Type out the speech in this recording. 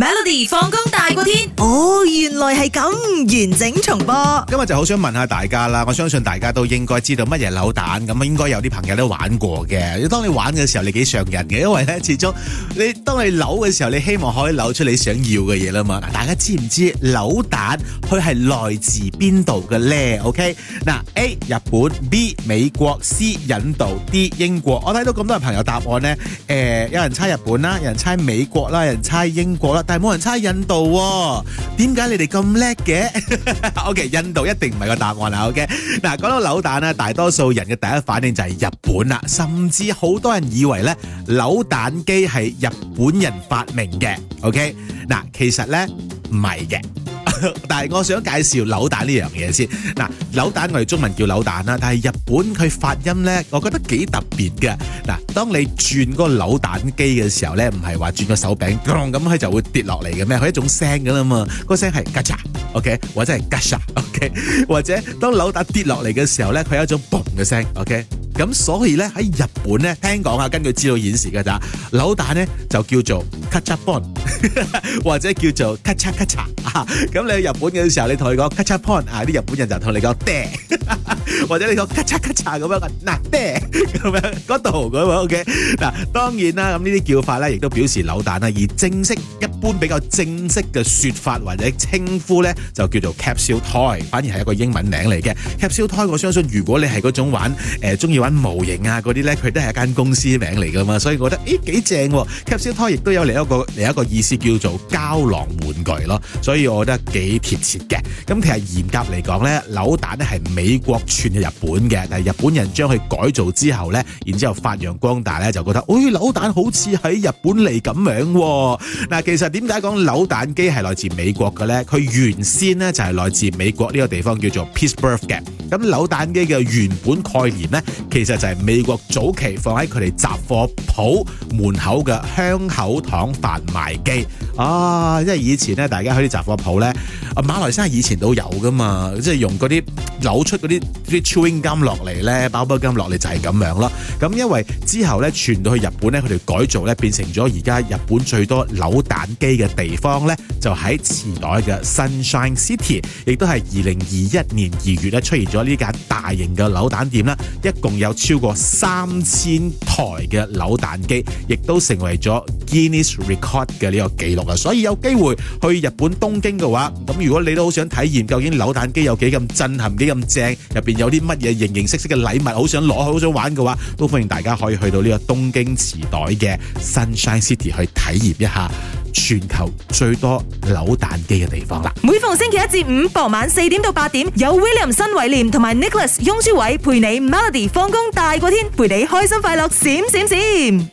Melody 放工大過天，哦，原來係咁，完整重播。今日就好想問下大家啦，我相信大家都應該知道乜嘢扭蛋咁，應該有啲朋友都玩過嘅。當你玩嘅時候，你幾上癮嘅，因為呢，始終你當你扭嘅時候，你希望可以扭出你想要嘅嘢啦嘛。大家知唔知扭蛋佢係來自邊度嘅呢？OK，嗱，A 日本，B 美國，C 印度，D 英國。我睇到咁多位朋友答案呢，誒、呃，有人猜日本啦，有人猜美國啦，有人猜英國啦。但係冇人猜印度喎，點解你哋咁叻嘅？OK，印度一定唔係個答案啦。OK，嗱，講到扭蛋啊，大多數人嘅第一反應就係日本啦，甚至好多人以為咧扭蛋機係日本人發明嘅。OK，嗱，其實咧唔係嘅。但係我想介紹扭蛋呢樣嘢先。嗱，扭蛋我哋中文叫扭蛋啦，但係日本佢發音呢，我覺得幾特別噶。嗱，當你轉個扭蛋機嘅時候呢，唔係話轉個手柄，咁佢就會跌落嚟嘅咩？佢一種聲噶啦嘛，個聲係咔嚓，OK，或者係咔嚓，OK，或者當扭蛋跌落嚟嘅時候呢，佢有一種嘣嘅聲，OK。咁所以咧，喺日本咧，聽講啊，根據資料顯示㗎咋，扭蛋咧就叫做咔嚓ポン或者叫做咔嚓咔嚓。啊！咁你去日本嘅時候，你同佢講咔嚓ポン啊，啲日本人就同你講爹、啊。或者你個咔嚓咔嚓咁樣嗱，爹咁樣嗰度咁樣 OK 嗱，當然啦，咁呢啲叫法咧，亦都表示扭蛋啦。而正式一般比較正式嘅說法或者稱呼咧，就叫做 Capsule toy，反而係一個英文名嚟嘅。Capsule toy，我相信如果你係嗰種玩誒中意玩模型啊嗰啲咧，佢都係一間公司名嚟噶嘛，所以我覺得誒幾正喎。Capsule toy 亦都有另一個另一個意思叫做膠囊玩具咯，所以我覺得幾貼切嘅。咁其實嚴格嚟講咧，扭蛋咧係美國日本嘅，但係日本人將佢改造之後呢，然之後發揚光大呢，就覺得誒、哎、扭蛋好似喺日本嚟，咁樣、哦。嗱，其實點解講扭蛋機係來自美國嘅呢？佢原先呢就係來自美國呢個地方叫做 Pittsburgh 嘅。咁扭蛋機嘅原本概念呢，其實就係美國早期放喺佢哋雜貨鋪門口嘅香口糖販賣機。啊、哦！即係以前咧，大家去啲雜貨鋪咧，馬來西亞以前都有噶嘛，即係用嗰啲扭出嗰啲 chewing 金落嚟咧，包包金落嚟就係咁樣咯。咁因為之後咧傳到去日本咧，佢哋改造咧，變成咗而家日本最多扭蛋機嘅地方咧，就喺池袋嘅 Sunshine City，亦都係二零二一年二月咧出現咗呢間大型嘅扭蛋店啦。一共有超過三千台嘅扭蛋機，亦都成為咗 Guinness Record 嘅呢個記錄。所以有機會去日本東京嘅話，咁如果你都好想體驗究竟扭蛋機有幾咁震撼，幾咁正，入面有啲乜嘢形形色色嘅禮物，好想攞，好想玩嘅話，都歡迎大家可以去到呢個東京池袋嘅 Sunshine City 去體驗一下全球最多扭蛋機嘅地方啦！每逢星期一至五傍晚四點到八點，有 William 新偉廉同埋 Nicholas 雍書偉陪你 Melody 放工大過天，陪你開心快樂閃閃閃。